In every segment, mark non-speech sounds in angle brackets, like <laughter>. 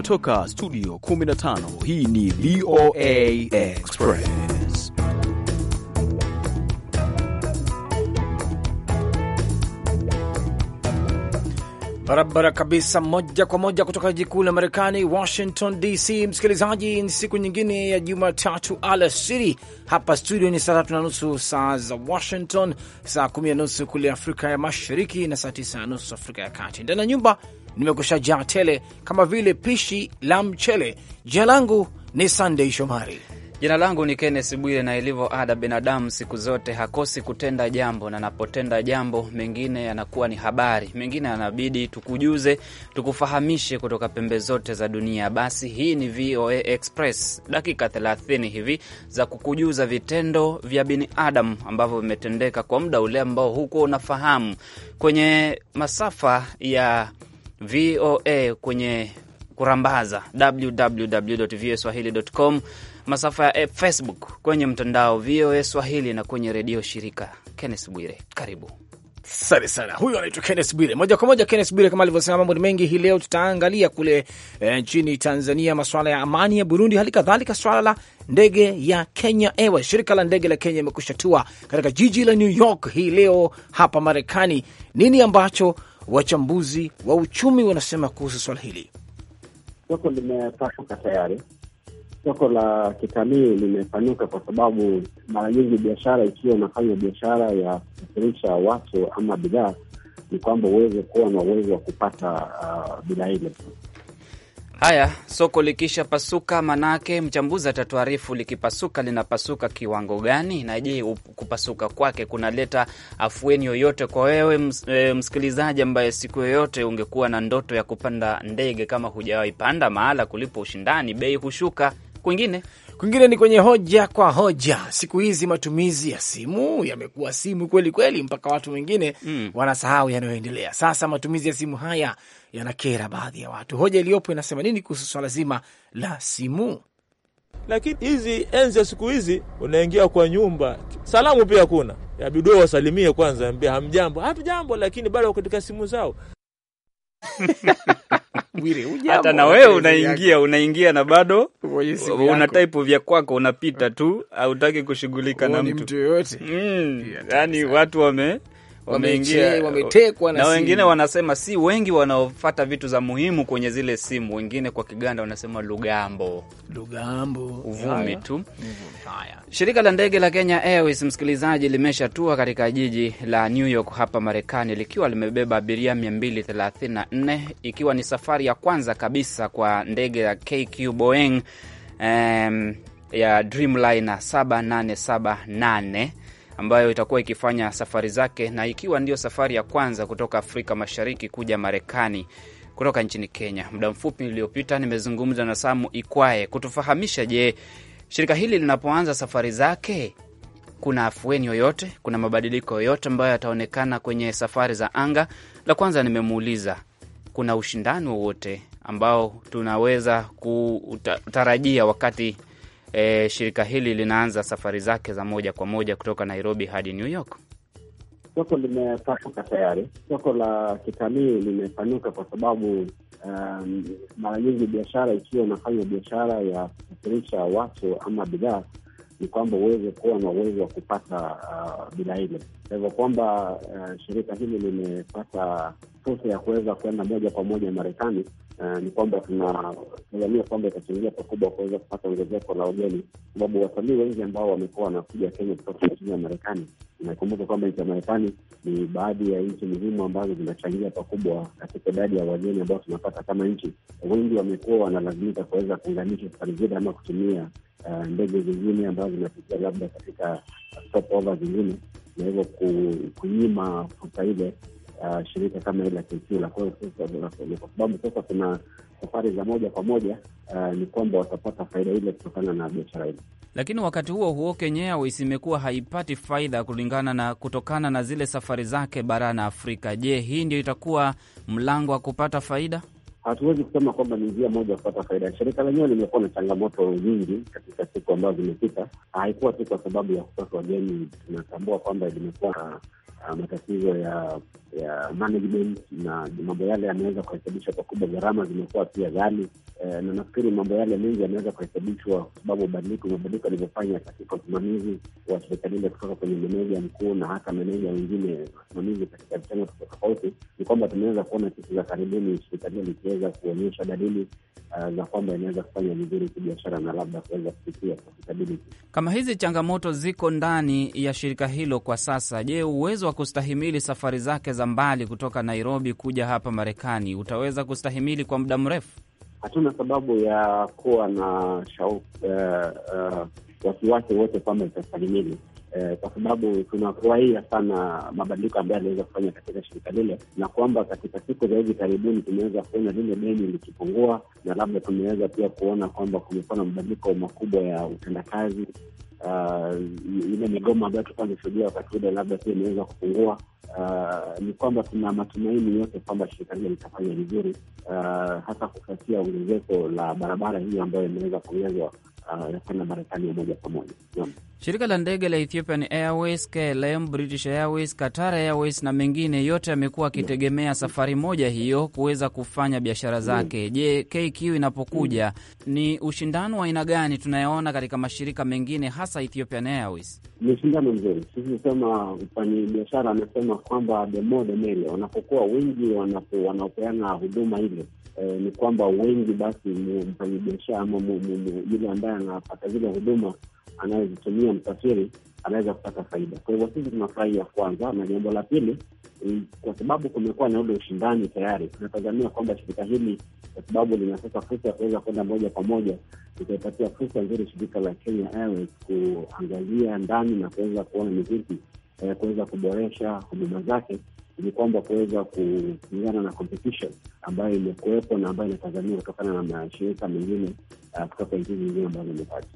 kutoka studio 15 hii ni VOA Express. Barabara kabisa, moja kwa moja kutoka jiji kuu la Marekani, Washington DC. Msikilizaji, ni siku nyingine ya Jumatatu alasiri. Hapa studio ni saa tatu na nusu saa za Washington, saa kumi na nusu kule Afrika ya Mashariki na saa tisa na nusu Afrika ya Kati. Ndani ya nyumba nimekusha jaa tele kama vile pishi la mchele. Jina langu ni Sandei Shomari. Jina langu ni Kennes Bwire, na ilivyo ada, binadamu siku zote hakosi kutenda jambo, na anapotenda jambo, mengine yanakuwa ni habari, mengine yanabidi tukujuze, tukufahamishe kutoka pembe zote za dunia. Basi hii ni VOA Express, dakika 30 hivi za kukujuza vitendo vya binadamu ambavyo vimetendeka kwa muda ule ambao hukuwa unafahamu kwenye masafa ya VOA kwenye kurambaza www.voaswahili.com, masafa ya Facebook kwenye mtandao VOA Swahili na kwenye redio shirika. Kenneth Bwire, karibu. Asante sana. Huyu anaitwa Kennes Bwire. Moja kwa moja, Kennes Bwire, kama alivyosema, mambo ni mengi hii leo. Tutaangalia kule e, nchini Tanzania, masuala ya amani ya Burundi, hali kadhalika swala la ndege ya Kenya Airways. Shirika la ndege la Kenya imekushatua katika jiji la New York hii leo hapa Marekani. Nini ambacho wachambuzi wa uchumi wanasema kuhusu swala hili? Soko limepasuka tayari, soko la kitalii limepanuka, kwa sababu mara nyingi biashara, ikiwa unafanya biashara ya kusafirisha watu ama bidhaa, ni kwamba uweze kuwa na uwezo wa kupata uh, bidhaa ile Haya, soko likisha pasuka manake mchambuzi atatuarifu likipasuka linapasuka kiwango gani, na je, kupasuka kwake kunaleta afueni yoyote kwa wewe e, msikilizaji ambaye siku yoyote ungekuwa na ndoto ya kupanda ndege? Kama hujawahi panda, mahala kulipo ushindani, bei hushuka kwingine Kwingine ni kwenye hoja kwa hoja. Siku hizi matumizi ya simu yamekuwa simu kweli kweli, mpaka watu wengine mm, wanasahau yanayoendelea. Sasa matumizi ya simu haya yanakera baadhi ya watu. Hoja iliyopo inasema nini kuhusu swala zima la simu? Lakini hizi enzi ya siku hizi, unaingia kwa nyumba, salamu pia kuna yabidi wasalimie kwanza, ambia hamjambo, hatujambo, lakini bado katika simu zao. <laughs> hata na wewe unaingia unaingia na bado una type vya kwako unapita tu, hautaki kushughulika na mtu yoyote. Mm, yani watu wame wameingia wametekwa, na wengine wanasema si wengi wanaofata vitu za muhimu kwenye zile simu, wengine kwa Kiganda wanasema lugambo, lugambo, uvumi tu. Haya, shirika la ndege la Kenya Airways, msikilizaji, limeshatua katika jiji la New York hapa Marekani likiwa limebeba abiria 234 ikiwa ni safari ya kwanza kabisa kwa ndege ya KQ Boeing um, ya Dreamliner 7878 ambayo itakuwa ikifanya safari zake na ikiwa ndio safari ya kwanza kutoka Afrika Mashariki kuja Marekani kutoka nchini Kenya. Muda mfupi uliopita nimezungumza na Samu Ikwae kutufahamisha, je, shirika hili linapoanza safari zake kuna afueni yoyote, kuna mabadiliko yoyote ambayo yataonekana kwenye safari za anga? La kwanza nimemuuliza kuna ushindani wowote ambao tunaweza kutarajia wakati e, shirika hili linaanza safari zake za moja kwa moja kutoka Nairobi hadi New York? Soko limepanuka tayari, soko la kitalii limepanuka kwa sababu um, mara nyingi biashara ikiwa inafanya biashara ya kusafirisha watu ama bidhaa ni kwamba uweze kuwa na uwezo wa kupata uh, bidhaa ile. Kwa hivyo kwamba uh, shirika hili limepata fursa ya kuweza kuenda moja kwa moja Marekani Eh, ni kwamba tunatazamia kwamba itachangia pakubwa kuweza kupata ongezeko la wageni, sababu watalii wengi ambao wamekuwa wanakuja Kenya kutoka nchi ya Marekani. Inakumbuka kwamba nchi ya Marekani ni baadhi ya nchi muhimu ambazo zinachangia pakubwa katika idadi ya wageni ambao tunapata kama nchi. Wengi wamekuwa wanalazimika kuweza kuunganisha safari zile ama kutumia uh, ndege zingine ambazo zinapitia labda katika stopover zingine, na hivyo kunyima fursa ile uh, shirika kama hili la KQ la kwa sababu sasa kuna safari za moja kwa moja, uh, ni kwamba watapata faida ile kutokana na biashara hili. Lakini wakati huo huo, Kenya Airways imekuwa haipati faida kulingana na kutokana na zile safari zake barani Afrika. Je, hii ndio itakuwa mlango wa kupata faida? hatuwezi kusema kwamba ni njia moja kupata faida. Shirika lenyewe limekuwa na changamoto nyingi katika siku ambazo zimepita. Haikuwa tu kwa sababu ya kukosa wageni, tunatambua kwamba limekuwa ah, ah, matatizo ya ya management na mambo yale yameweza kurekebishwa pakubwa. Gharama zimekuwa pia ghali e, na nafikiri mambo yale mengi yameweza kurekebishwa kwa sababu mabadiliko mabadiliko alivyofanya katika usimamizi wa shirika lile kutoka kwenye meneja mkuu na hata meneja wengine wasimamizi katika vitengo tofauti ni kwamba tumeweza kuona siku za karibuni shirika lile likiweza kuweza kuonyesha dalili uh, za kwamba inaweza kufanya vizuri kibiashara na labda kuweza kufikia profitability. Kama hizi changamoto ziko ndani ya shirika hilo kwa sasa, je, uwezo wa kustahimili safari zake za mbali kutoka Nairobi kuja hapa Marekani utaweza kustahimili kwa muda mrefu? Hatuna sababu ya kuwa na shauku uh, uh, wasiwasi wote kwamba itastahimili eh, kwa sababu tunafurahia sana mabadiliko ambayo aliweza kufanya katika shirika lile, na kwamba katika siku za hivi karibuni tumeweza kuona lile deni likipungua, na labda tumeweza pia kuona kwamba kumekuwa na mabadiliko makubwa ya utendakazi. Uh, ile migomo ambayo tulikuwa tunashuhudia wakati ule labda pia imeweza kupungua. Uh, ni kwamba tuna matumaini yote kwamba shirika hilo litafanya vizuri, uh, ah, hasa kufuatia ongezeko la barabara hiyo ambayo imeweza kuongezwa kwenda Marekani ya moja kwa moja. Shirika la ndege la Ethiopian Airways, KLM, British Airways, Qatar Airways na mengine yote yamekuwa akitegemea safari moja hiyo kuweza kufanya biashara zake. Je, KQ inapokuja ni ushindano wa aina gani tunayaona katika mashirika mengine hasa Ethiopian Airways? Ni ushindano mzuri. Sisi sema biashara anasema kwamba the more the merrier, wanapokuwa wengi wanaopeana huduma ile eh, ni kwamba wengi basi mfanyabiashara ama yule ambaye anapata zile huduma anayezitumia msafiri anaweza kupata faida. Kwa hivyo sisi tunafurahi ya kwanza, na jambo la pili, kwa sababu kumekuwa na ule ushindani tayari, tunatazamia kwamba shirika hili kwa sababu lina sasa fursa ya kuweza kwenda moja kwa moja, itaipatia fursa nzuri shirika la Kenya Airways kuangazia ndani na kuweza kuona ni vipi eh, kuweza kuboresha huduma zake ni kwamba kuweza kupingana na competition ambayo imekuwepo na ambayo inatazamia kutokana na mashirika mengine uh, kutoka nchi zingine ambazo imepata.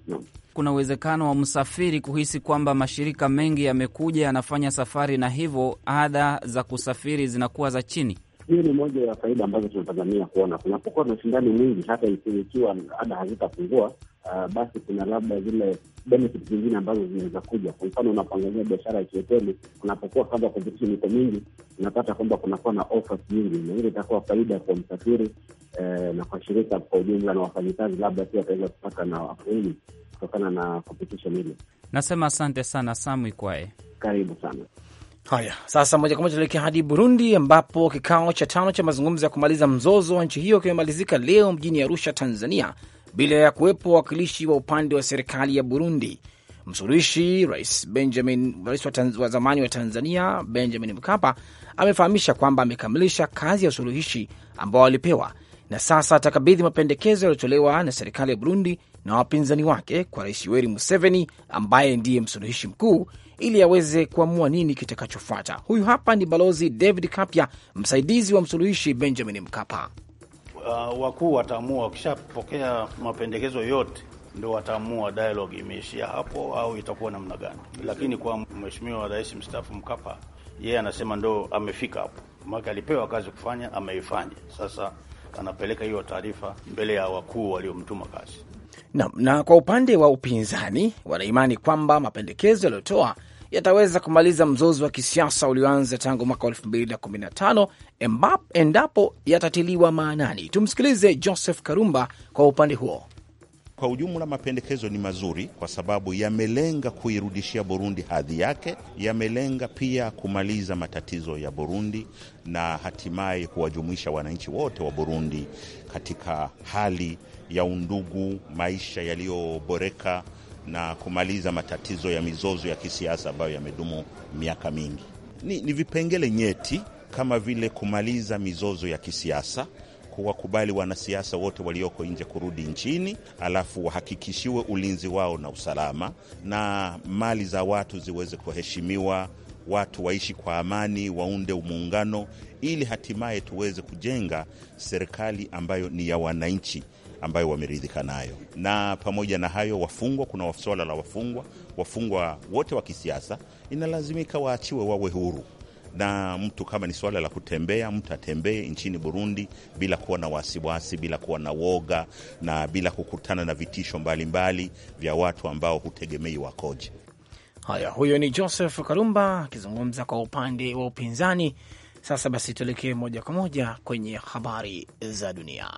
Kuna uwezekano wa msafiri kuhisi kwamba mashirika mengi yamekuja yanafanya safari na hivyo ada za kusafiri zinakuwa za chini hiyo ni moja ya faida ambazo tunatazamia kuona. Kunapokuwa na shindani mwingi, hata ikiwa ada hazitapungua, uh, basi kuna labda zile benefit zingine ambazo zinaweza kuja. Kwa mfano, unapoangalia biashara ya kihoteli, kunapokuwa kama competition iko mingi, unapata kwamba kunakuwa na offers nyingi, na hilo itakuwa faida kwa msafiri eh, na kwa shirika kwa ujumla, na wafanyikazi labda pia wataweza kupata na afueni kutokana na competition ile. Nasema asante sana Samwi Kwae, karibu sana. Haya, sasa moja kwa moja tuelekea hadi Burundi, ambapo kikao cha tano cha mazungumzo ya kumaliza mzozo wa nchi hiyo kimemalizika leo mjini Arusha, Tanzania, bila ya kuwepo wawakilishi wa upande wa serikali ya Burundi. Msuluhishi rais Benjamin, rais wa, tanz, wa zamani wa Tanzania Benjamin Mkapa amefahamisha kwamba amekamilisha kazi ya usuluhishi ambao alipewa na sasa atakabidhi mapendekezo yaliyotolewa na serikali ya Burundi na wapinzani wake kwa rais Yoweri Museveni ambaye ndiye msuluhishi mkuu ili aweze kuamua nini kitakachofuata. Huyu hapa ni Balozi David Kapya, msaidizi wa msuluhishi Benjamin Mkapa. Uh, wakuu wataamua, wakishapokea mapendekezo yote ndo wataamua dialogue imeishia hapo au itakuwa namna gani, lakini kwa mheshimiwa rais mstaafu Mkapa yeye anasema ndo amefika hapo, maake alipewa kazi kufanya, ameifanya. Sasa anapeleka hiyo taarifa mbele ya wakuu waliomtuma kazi. Na, na kwa upande wa upinzani wanaimani kwamba mapendekezo yaliyotoa yataweza kumaliza mzozo wa kisiasa ulioanza tangu mwaka 215 endapo yatatiliwa maanani. Tumsikilize Joseph Karumba kwa upande huo. Kwa ujumla mapendekezo ni mazuri kwa sababu yamelenga kuirudishia Burundi hadhi yake, yamelenga pia kumaliza matatizo ya Burundi na hatimaye kuwajumuisha wananchi wote wa Burundi katika hali ya undugu, maisha yaliyoboreka na kumaliza matatizo ya mizozo ya kisiasa ambayo yamedumu miaka mingi. Ni, ni vipengele nyeti kama vile kumaliza mizozo ya kisiasa, kuwakubali wanasiasa wote walioko nje kurudi nchini, alafu wahakikishiwe ulinzi wao na usalama, na mali za watu ziweze kuheshimiwa, watu waishi kwa amani, waunde umuungano, ili hatimaye tuweze kujenga serikali ambayo ni ya wananchi ambayo wameridhika nayo. Na pamoja na hayo, wafungwa, kuna swala la wafungwa. Wafungwa wote wa kisiasa inalazimika waachiwe wawe huru na mtu kama ni suala la kutembea, mtu atembee nchini Burundi bila kuwa na wasiwasi, bila kuwa na woga na bila kukutana na vitisho mbalimbali mbali vya watu ambao hutegemei wakoje. Haya, huyo ni Joseph Karumba akizungumza kwa upande wa upinzani. Sasa basi tuelekee moja kwa moja kwenye habari za dunia.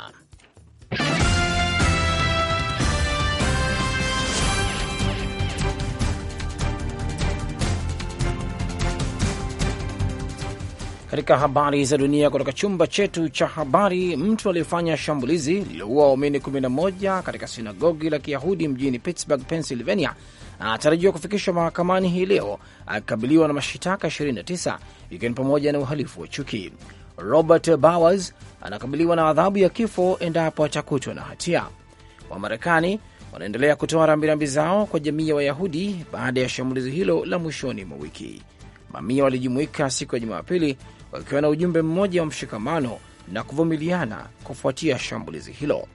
Katika habari za dunia kutoka chumba chetu cha habari, mtu aliyefanya shambulizi lililoua waumini 11 katika sinagogi la Kiyahudi mjini Pittsburgh, Pennsylvania, anatarajiwa kufikishwa mahakamani hii leo akikabiliwa na mashitaka 29 ikiwa ni pamoja na uhalifu wa chuki. Robert Bowers anakabiliwa na adhabu ya kifo endapo atakutwa na hatia. Wamarekani wanaendelea kutoa rambirambi zao kwa jamii ya Wayahudi baada ya shambulizi hilo la mwishoni mwa wiki. Mamia walijumuika siku ya Jumapili wakiwa na ujumbe mmoja wa mshikamano na kuvumiliana kufuatia shambulizi hilo.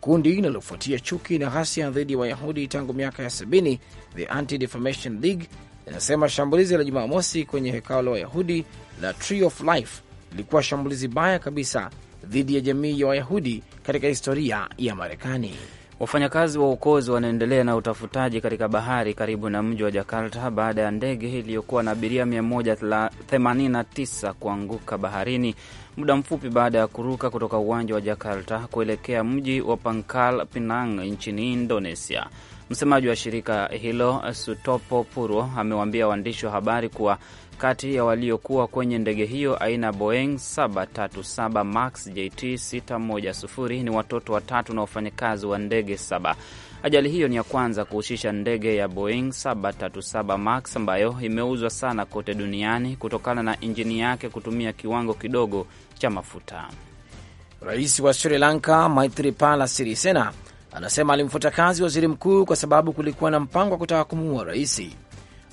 Kundi linalofuatia chuki na ghasia dhidi ya Wayahudi tangu miaka ya 70 the Anti-Defamation League linasema shambulizi la Jumamosi kwenye hekalo la Wayahudi la Tree of Life lilikuwa shambulizi baya kabisa dhidi ya jamii ya Wayahudi katika historia ya Marekani. Wafanyakazi wa uokozi wanaendelea na utafutaji katika bahari karibu na mji wa Jakarta baada ya ndege iliyokuwa na abiria 189 kuanguka baharini muda mfupi baada ya kuruka kutoka uwanja wa Jakarta kuelekea mji wa Pankal Pinang nchini Indonesia. Msemaji wa shirika hilo Sutopo Purwo amewaambia waandishi wa habari kuwa kati ya waliokuwa kwenye ndege hiyo aina Boeing 737 max JT 610 ni watoto watatu na wafanyakazi wa ndege saba. Ajali hiyo ni ya kwanza kuhusisha ndege ya Boeing 737 max ambayo imeuzwa sana kote duniani kutokana na injini yake kutumia kiwango kidogo cha mafuta. Rais wa Sri Lanka Maithripala Sirisena anasema alimfuta kazi waziri mkuu kwa sababu kulikuwa na mpango wa kutaka kumuua raisi.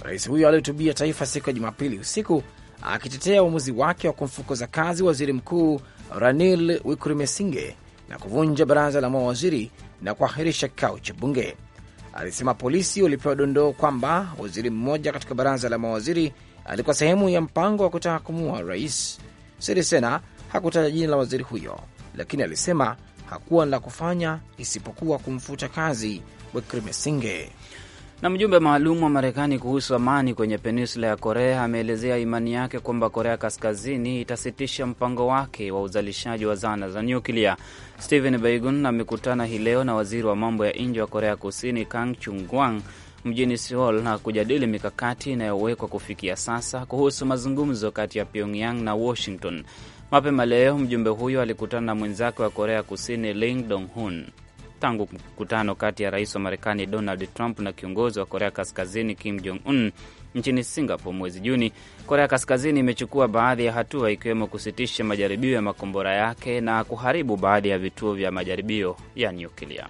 Rais huyo alihutubia taifa siku ya Jumapili usiku akitetea uamuzi wake wa kumfukuza kazi waziri mkuu Ranil Wickremesinghe na kuvunja baraza la mawaziri na kuahirisha kikao cha bunge. Alisema polisi walipewa dondoo kwamba waziri mmoja katika baraza la mawaziri alikuwa sehemu ya mpango wa kutaka kumuua rais. Sirisena hakutaja jina la waziri huyo, lakini alisema hakuwa la kufanya isipokuwa kumfuta kazi Wickremesinghe. Na mjumbe maalum wa Marekani kuhusu amani kwenye peninsula ya Korea ameelezea imani yake kwamba Korea Kaskazini itasitisha mpango wake wa uzalishaji wa zana za nyuklia. Stephen begon amekutana hii leo na waziri wa mambo ya nje wa Korea Kusini Kang Chungwang mjini Seoul na kujadili mikakati inayowekwa kufikia sasa kuhusu mazungumzo kati ya Pyongyang na Washington. Mapema leo mjumbe huyo alikutana na mwenzake wa Korea Kusini Ling Dong-hun. Tangu mkutano kati ya rais wa Marekani Donald Trump na kiongozi wa Korea Kaskazini Kim Jong Un nchini Singapore mwezi Juni, Korea Kaskazini imechukua baadhi ya hatua, ikiwemo kusitisha majaribio ya makombora yake na kuharibu baadhi ya vituo vya majaribio ya nyuklia.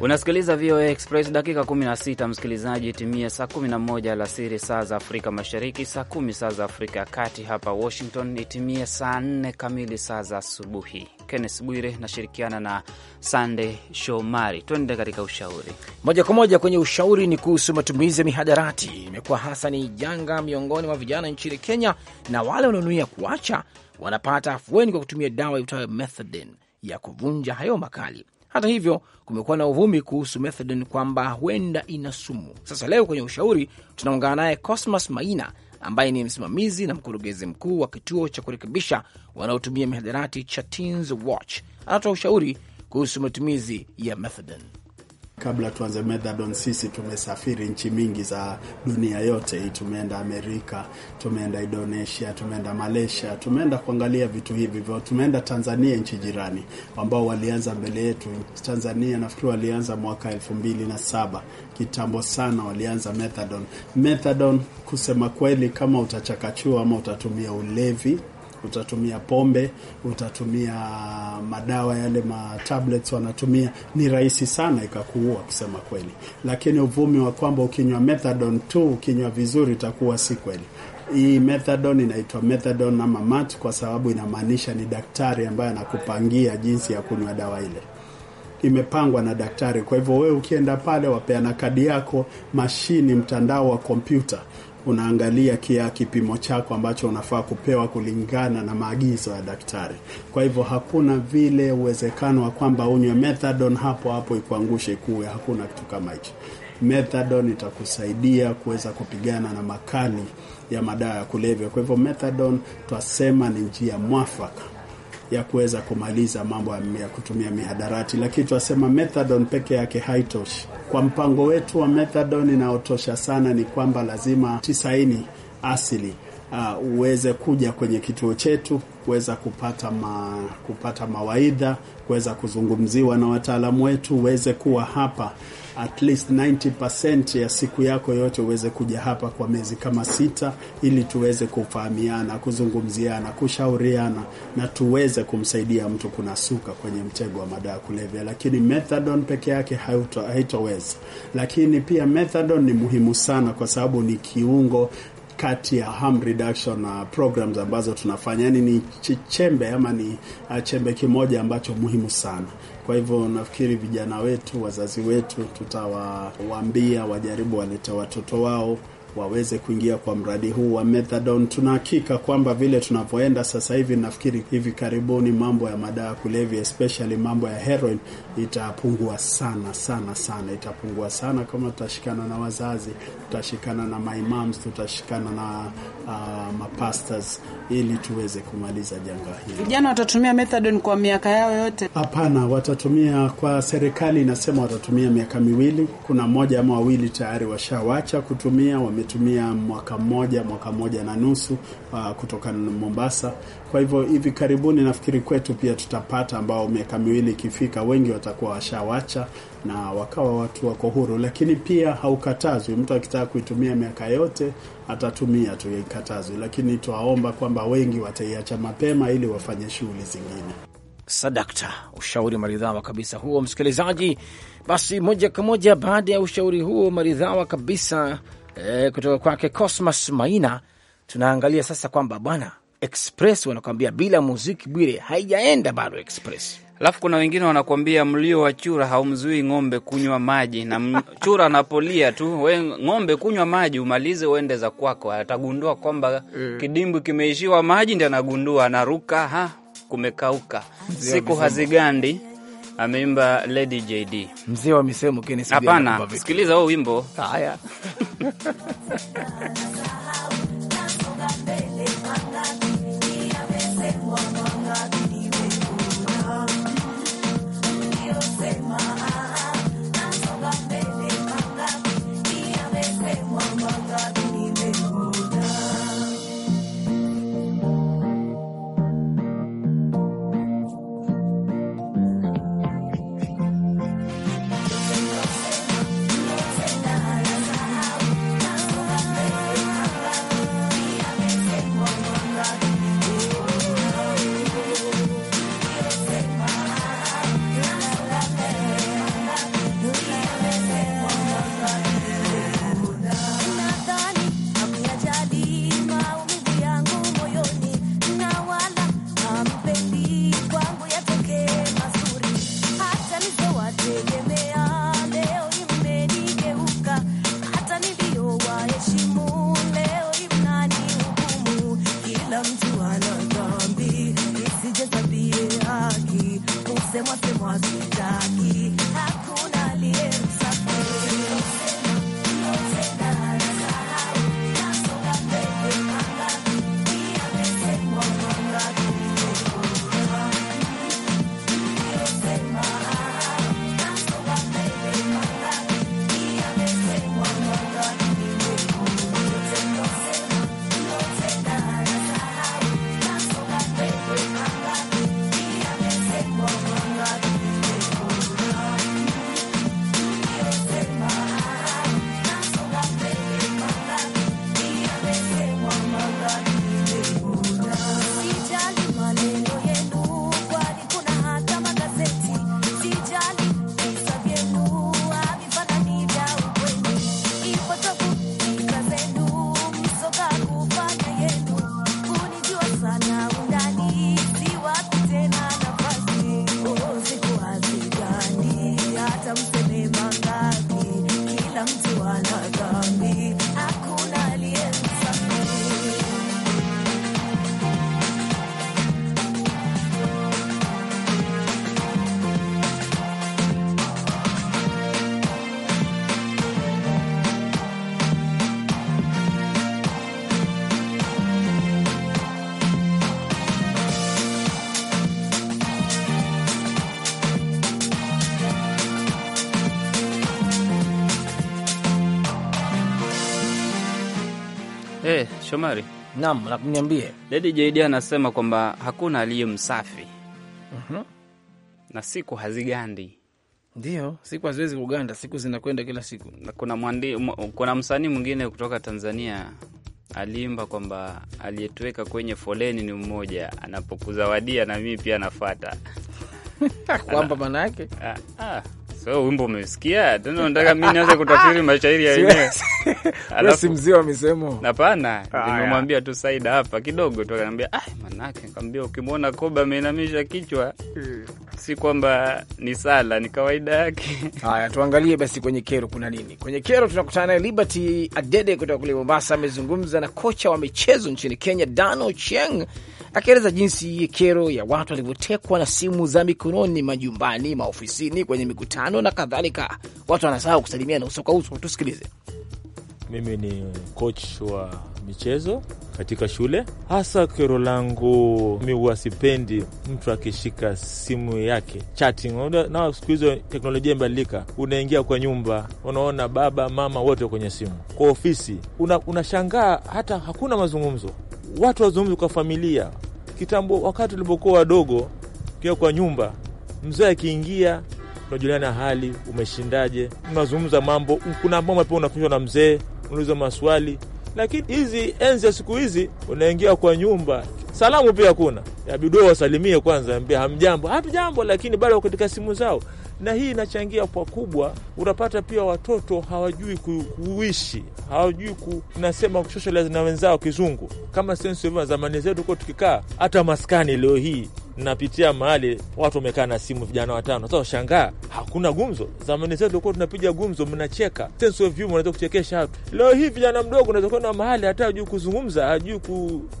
Unasikiliza VOA Express, dakika 16 msikilizaji, itimie saa 11 alasiri saa za Afrika Mashariki, saa kumi saa za Afrika ya Kati. Hapa Washington itimie saa 4 kamili saa za asubuhi. Kennes Bwire nashirikiana na Sande Shomari. Twende katika ushauri moja kwa moja. Kwenye ushauri ni kuhusu matumizi ya mihadarati. Imekuwa hasa ni janga miongoni mwa vijana nchini Kenya, na wale wanaonuia kuacha wanapata afueni kwa kutumia dawa iitwayo methadone ya kuvunja hayo makali. Hata hivyo, kumekuwa na uvumi kuhusu methadone kwamba huenda ina sumu. Sasa leo kwenye ushauri tunaungana naye Cosmas Maina ambaye ni msimamizi na mkurugenzi mkuu wa kituo cha kurekebisha wanaotumia mihadarati cha Teens Watch. Anatoa ushauri kuhusu matumizi ya methadone. Kabla tuanze Methadone, sisi tumesafiri nchi mingi za dunia yote hii. Tumeenda Amerika, tumeenda Indonesia, tumeenda Malaysia, tumeenda kuangalia vitu hivi vyo. Tumeenda Tanzania, nchi jirani ambao walianza mbele yetu. Tanzania nafikiri walianza mwaka elfu mbili na saba kitambo sana, walianza Methadone. Methadone kusema kweli, kama utachakachua ama utatumia ulevi utatumia pombe, utatumia madawa yale ma tablets wanatumia, ni rahisi sana ikakuua kusema kweli. Lakini uvumi wa kwamba ukinywa methadone tu, ukinywa vizuri utakuwa, si kweli. Hii methadone inaitwa methadone ama mat kwa sababu inamaanisha ni daktari ambaye anakupangia jinsi ya kunywa dawa ile imepangwa na daktari. Kwa hivyo wewe ukienda pale, wapeana kadi yako, mashini, mtandao wa kompyuta unaangalia kia kipimo chako ambacho unafaa kupewa kulingana na maagizo ya daktari. Kwa hivyo hakuna vile uwezekano wa kwamba unywe methadone hapo hapo ikuangushe kuwe, hakuna kitu kama hicho. Methadone itakusaidia kuweza kupigana na makali ya madawa ya kulevya. Kwa hivyo methadone twasema ni njia mwafaka ya kuweza kumaliza mambo ya kutumia mihadarati, lakini tunasema methadone peke yake haitoshi. Kwa mpango wetu wa methadone, inaotosha sana ni kwamba lazima tisaini asili uh, uweze kuja kwenye kituo chetu kuweza kupata ma, kupata mawaidha, kuweza kuzungumziwa na wataalamu wetu, uweze kuwa hapa at least 90% ya siku yako yote uweze kuja hapa kwa miezi kama sita, ili tuweze kufahamiana, kuzungumziana, kushauriana na tuweze kumsaidia mtu kunasuka kwenye mtego wa madawa ya kulevya. Lakini methadone peke yake haitoweza, lakini pia methadone ni muhimu sana, kwa sababu ni kiungo kati ya harm reduction na programs ambazo tunafanya, yani ni chembe ama ni ah, chembe kimoja ambacho muhimu sana. Kwa hivyo nafikiri vijana wetu, wazazi wetu, tutawaambia wajaribu walete watoto wao waweze kuingia kwa mradi huu wa methadone. Tunahakika kwamba vile tunavyoenda sasa hivi, nafikiri hivi karibuni mambo ya madawa kulevya, especially mambo ya heroin itapungua sana sana sana, itapungua sana kama tutashikana na wazazi, tutashikana na maimams, tutashikana na uh, mapastors ili tuweze kumaliza janga hili. Vijana watatumia methadone kwa miaka yao yote? Hapana, watatumia kwa serikali inasema watatumia miaka miwili. Kuna mmoja ama wawili tayari washawacha kutumia wame nimetumia mwaka mmoja, mwaka mmoja na nusu uh, kutoka Mombasa. Kwa hivyo hivi karibuni nafikiri kwetu pia tutapata, ambao miaka miwili ikifika, wengi watakuwa washawacha na wakawa watu wako huru, lakini pia haukatazwi. Mtu akitaka kuitumia miaka yote atatumia tu, ikatazwi, lakini twaomba kwamba wengi wataiacha mapema ili wafanye shughuli zingine. Sadakta, ushauri maridhawa kabisa huo, msikilizaji. Basi moja kwa moja baada ya ushauri huo maridhawa kabisa e, kutoka kwake Cosmas Maina. Tunaangalia sasa kwamba bwana Express wanakwambia bila muziki Bwire haijaenda bado Express. Alafu kuna wengine wanakwambia mlio wa chura haumzui ng'ombe kunywa maji, na <laughs> chura anapolia tu we ng'ombe kunywa maji, umalize uende za kwako. Atagundua kwamba mm, kidimbwi kimeishiwa maji, ndi anagundua, anaruka ha, kumekauka, siku hazigandi ameimba Lady JD, mzee wa misemo. Hapana, sikiliza huo wimbo. Haya. <laughs> Sema sema sitaki, hakuna aliye Shomari nam na kuniambie, Jaidi JD anasema kwamba hakuna aliye msafi uh mhm. -huh. na siku hazigandi. Ndio, siku haziwezi kuganda, siku zinakwenda kila siku. Kuna, kuna msanii mwingine kutoka Tanzania aliimba kwamba aliyetuweka kwenye foleni ni mmoja, anapokuzawadia na mimi pia nafata <laughs> kwamba maana yake ah, ah. Wewe wimbo umesikia? Tena unataka mimi nianze kutafsiri mashairi ya yenyewe. Alafu si mzee wa misemo. Hapana, nimemwambia tu Saida hapa kidogo tu akaniambia, "Ah, manake nikamwambia ukimwona koba ameinamisha kichwa, si kwamba ni sala, ni kawaida yake." <laughs> Haya, tuangalie basi kwenye kero kuna nini? Kwenye kero tunakutana na Liberty Adede kutoka kule Mombasa amezungumza na kocha wa michezo nchini Kenya Dano Cheng akieleza jinsi kero ya watu walivyotekwa na simu za mikononi majumbani, maofisini, kwenye mikutano na kadhalika. Watu wanasahau kusalimiana uso kwa uso. Tusikilize. Mimi ni coach wa michezo katika shule. Hasa kero langu mi huwasipendi mtu akishika simu yake chatting. Na siku hizo teknolojia imebadilika, unaingia kwa nyumba, unaona baba mama wote kwenye simu, kwa ofisi unashangaa, una hata hakuna mazungumzo watu wazungumze kwa familia. Kitambo wakati tulipokuwa wadogo, kiwa kwa nyumba, mzee akiingia unajuliana hali, umeshindaje, unazungumza mambo. Kuna mambo pia unafunishwa na mzee, unauliza maswali. Lakini hizi enzi ya siku hizi, unaingia kwa nyumba, Salamu pia kuna yabidi wasalimie kwanza, ambia hamjambo, hamjambo, lakini bado katika simu zao, na hii inachangia pakubwa. Unapata pia watoto hawajui kuishi hawajui kunasema nasema socialize na wenzao kizungu, kama sensi zamani zetu kuwa tukikaa hata maskani. Leo hii napitia mahali watu wamekaa na simu, vijana watano. Sasa washangaa hakuna gumzo. Zamani zetu tulikuwa tunapiga gumzo, mnacheka, sense of humor, unaweza kuchekesha watu. Leo hii vijana mdogo unaweza kwenda mahali hata hajui kuzungumza, hajui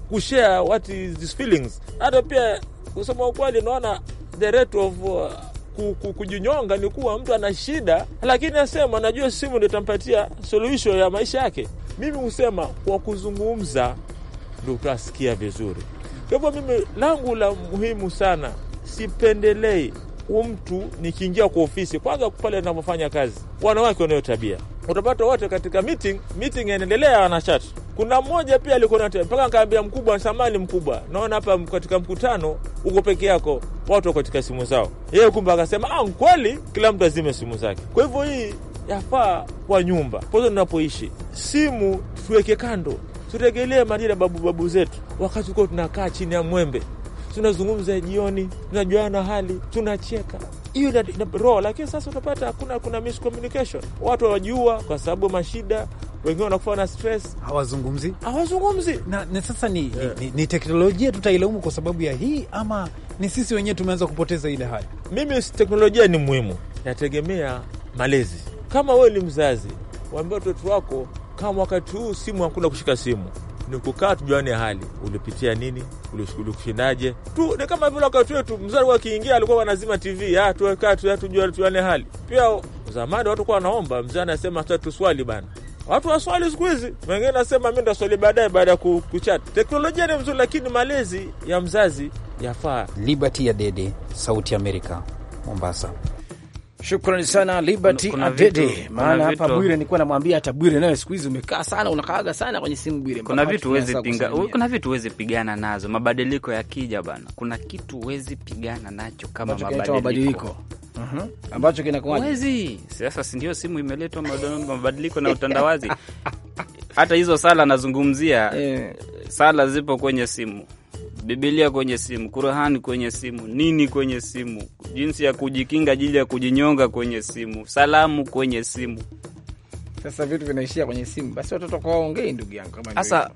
kushare wati these feelings. Hata pia kusema ukweli, naona the rate of uh, kujinyonga ni kuwa mtu ana shida, lakini asema najua simu ndio itampatia suluhisho ya maisha yake. Mimi husema kwa kuzungumza ndio utasikia vizuri. Kwa hivyo mimi langu la muhimu sana, sipendelei mtu nikiingia kwa ofisi, kwanza pale ninapofanya kazi, wanawake wanayo tabia utapata wote katika meeting meeting inaendelea, wanachat. Kuna mmoja pia alikuwa na mpaka nikaambia mkubwa, samani mkubwa, naona hapa katika mkutano uko peke yako, watu wako katika simu zao. Yeye kumbe akasema, ah, kweli kila mtu azime simu zake. Kwa hivyo hii yafaa kwa nyumba pozo tunapoishi, simu tuweke kando, turegelee majira babu babu zetu, wakati uko tunakaa chini ya mwembe, tunazungumza jioni, tunajuana hali, tunacheka hiyo roho, lakini sasa unapata hakuna, kuna miscommunication, watu hawajua kwa sababu mashida wengine wanakuwa na stress, hawazungumzi hawazungumzi na, na sasa ni, yeah. ni, ni, ni teknolojia tutailaumu kwa sababu ya hii ama ni sisi wenyewe tumeanza kupoteza ile hali? Mimi teknolojia ni muhimu, nategemea malezi. Kama wewe ni mzazi, waambia watoto wako, kama wakati huu simu hakuna kushika simu ni kukaa tujuane hali, ulipitia nini, ulishindaje tu. Ni kama vile wakati wetu mzee alikuwa akiingia, alikuwa wanazima TV, ah, tukaa tujuane hali. Pia zamani watu kuwa wanaomba, mzee anasema tuswali bana watu waswali siku hizi, wengine nasema mi ndaswali baadaye, baada ya kuchat. Teknolojia ni mzuri, lakini malezi ya mzazi yafaa. Liberty ya Dede, Sauti Amerika, Mombasa. Shukrani sana Liberty Adede, maana hapa Bwire nilikuwa namwambia hata Bwire nawe siku hizi umekaa sana unakaaga sana kwenye simu Bwire. Kuna vitu huwezi pinga, kuna vitu huwezi pigana nazo, mabadiliko yakija bana, kuna kitu huwezi pigana nacho kama mabadiliko, mabadiliko. Uh mhm. -huh. ambacho kinakuwa huwezi. Sasa si ndio simu imeletwa mabadiliko na utandawazi <laughs> hata hizo sala nazungumzia, yeah. sala zipo kwenye simu Bibilia kwenye simu, Qur'an kwenye simu, nini kwenye simu, jinsi ya kujikinga jili ya kujinyonga kwenye simu, salamu kwenye simu. Sasa vitu vinaishia kwenye simu, basi watoto kwa waongee. Ndugu yangu sasa,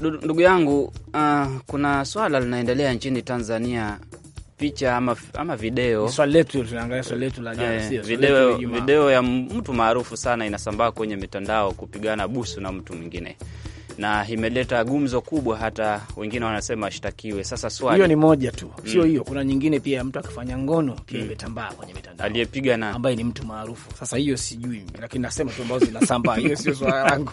ndugu yangu, uh, kuna swala linaendelea nchini Tanzania picha ama, ama video eh, video, video ya mtu maarufu sana inasambaa kwenye mitandao kupigana busu na mtu mwingine na imeleta gumzo kubwa, hata wengine wanasema ashtakiwe. Sasa swali, hiyo ni moja tu, mm. sio hiyo mm. Kuna nyingine pia, mtu akifanya ngono pia imetambaa mm. kwenye mitandao, aliyepiga na ambaye ni mtu maarufu. Sasa hiyo sijui, lakini nasema tu ambazo zinasambaa hiyo sio swala langu.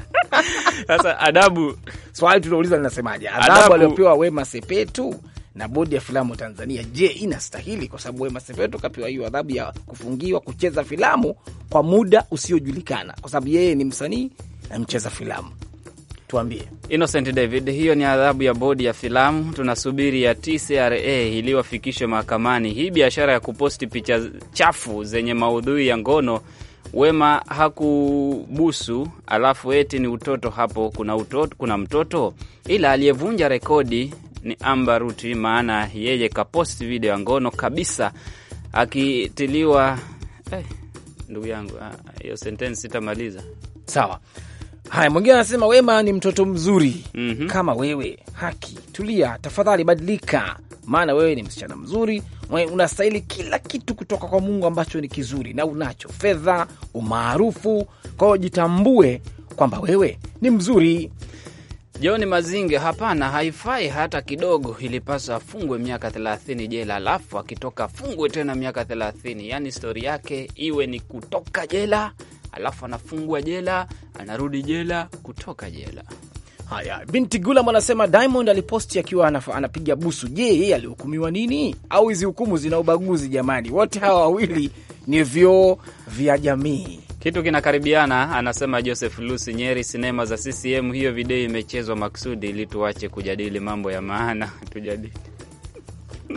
<laughs> Sasa adabu, swali tunauliza linasemaje? Adabu aliopewa Wema Sepetu na bodi ya filamu Tanzania, je, inastahili? Kwa sababu Wema Sepetu kapewa hiyo adhabu ya kufungiwa kucheza filamu kwa muda usiojulikana, kwa sababu yeye ni msanii na mcheza filamu tuambie. Innocent David, hiyo ni adhabu ya bodi ya filamu. Tunasubiri ya TCRA iliyowafikishwe mahakamani. Hii biashara ya kuposti picha chafu zenye maudhui ya ngono Wema hakubusu, alafu eti ni utoto hapo. Kuna utoto, kuna mtoto, ila aliyevunja rekodi ni Amber Ruti, maana yeye kaposti video ya ngono kabisa akitiliwa eh, ndugu yangu ah, hiyo sentensi sitamaliza sawa Haya, mwingine anasema Wema ni mtoto mzuri mm -hmm. kama wewe. Haki, tulia tafadhali, badilika, maana wewe ni msichana mzuri, unastahili kila kitu kutoka kwa Mungu ambacho ni kizuri, na unacho fedha, umaarufu. Kwa hiyo jitambue kwamba wewe ni mzuri. John Mazinge, hapana, haifai hata kidogo. ilipaswa afungwe miaka thelathini jela, alafu akitoka afungwe tena miaka thelathini. Yaani stori yake iwe ni kutoka jela alafu anafungwa jela anarudi jela, kutoka jela. Haya, binti Gulam anasema Diamond aliposti akiwa anapiga busu. Je, yeye alihukumiwa nini? Au hizi hukumu zina ubaguzi? Jamani, wote hawa wawili ni vyoo vya jamii, kitu kinakaribiana. Anasema Joseph Lusi Nyeri, sinema za CCM, hiyo video imechezwa maksudi ili tuache kujadili mambo ya maana, <laughs> tujadili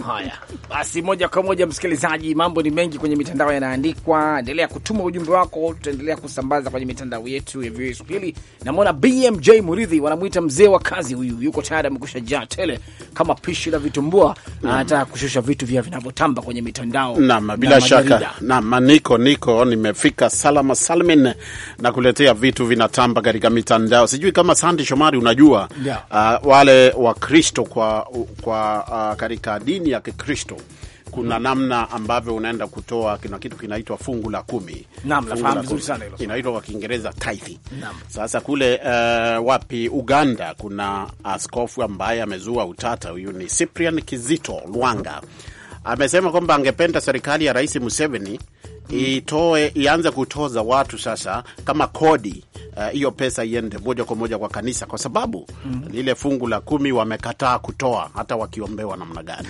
Haya basi, moja kwa moja, msikilizaji, mambo ni mengi kwenye mitandao yanaandikwa. Endelea kutuma ujumbe wako, tutaendelea kusambaza kwenye mitandao yetu ya VOA Swahili. Namwona BMJ Muridhi, wanamwita mzee wa kazi, huyu yuko tayari, amekusha jaa tele kama pishi la vitumbua, mm. anataka mm, kushusha vitu vya vinavyotamba kwenye mitandao. Naam, bila na shaka. Naam, niko niko nimefika salama salmin na kuletea vitu vinatamba katika mitandao. Sijui kama Sandi Shomari unajua, yeah. uh, wale Wakristo kwa, kwa uh, katika dini ya Kikristo kuna mm. namna ambavyo unaenda kutoa kuna kitu kinaitwa fungu la kumi. Inaitwa kwa Kiingereza tithi. Sasa kule uh, wapi Uganda kuna askofu ambaye amezua utata, huyu ni Cyprian Kizito Lwanga. Amesema kwamba angependa serikali ya Rais Museveni itoe ianze kutoza watu sasa kama kodi eh, hiyo, uh, pesa iende moja kwa moja kwa kanisa, kwa sababu mm -hmm. lile fungu la kumi wamekataa kutoa hata wakiombewa namna gani.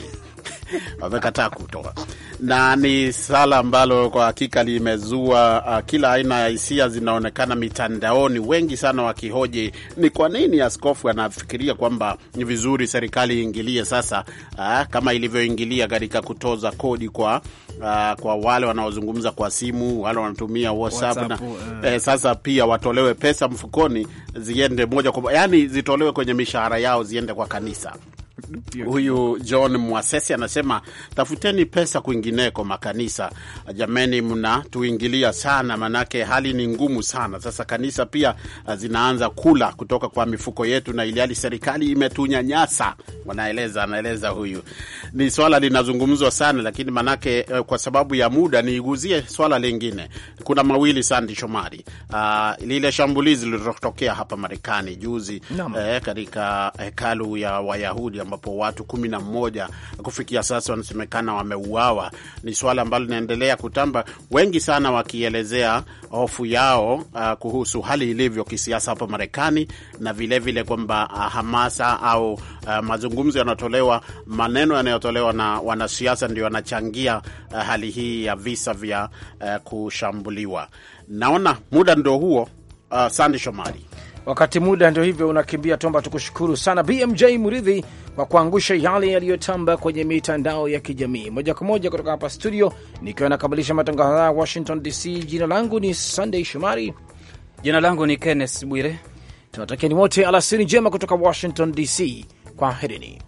<laughs> wamekataa kutoa, na ni sala ambalo kwa hakika limezua uh, kila aina ya hisia zinaonekana mitandaoni, wengi sana wakihoji ni kwa nini askofu anafikiria kwamba ni vizuri serikali iingilie sasa, uh, kama ilivyoingilia katika kutoza kodi kwa, uh, kwa wale wanaozungumza kwa simu, wale wanatumia WhatsApp, WhatsApp na, uh, eh, sasa pia watolewe pesa mfukoni ziende moja kwa yani zitolewe kwenye mishahara yao ziende kwa kanisa. Huyu John Mwasesi anasema tafuteni pesa kwingineko, makanisa. Jameni, mnatuingilia sana, manake hali ni ngumu sana sasa. Kanisa pia uh, zinaanza kula kutoka kwa mifuko yetu, na ili hali serikali imetunyanyasa, wanaeleza anaeleza huyu. Ni swala linazungumzwa sana, lakini manake uh, kwa sababu ya muda niiguzie swala lingine. Kuna mawili, Sandi Shomari. Uh, lile shambulizi lililotokea hapa Marekani juzi, eh, katika hekalu ya Wayahudi ambapo watu kumi na mmoja kufikia sasa wanasemekana wameuawa. Ni suala ambalo linaendelea kutamba, wengi sana wakielezea hofu yao uh, kuhusu hali ilivyo kisiasa hapa Marekani na vilevile kwamba uh, hamasa au uh, mazungumzo yanayotolewa, maneno yanayotolewa na wanasiasa ndio yanachangia uh, hali hii ya visa vya uh, kushambuliwa. Naona muda ndo huo. Uh, Sandi Shomari. Wakati muda ndio hivyo unakimbia, tomba tukushukuru sana BMJ Muridhi kwa kuangusha yale yaliyotamba kwenye mitandao ya kijamii moja kwa moja kutoka hapa studio, nikiwa nakamilisha matangazo haya Washington DC. Jina langu ni Sunday Shomari. Jina langu ni Kenneth Bwire. Tunatakieni wote alasiri njema kutoka Washington DC. Kwaherini.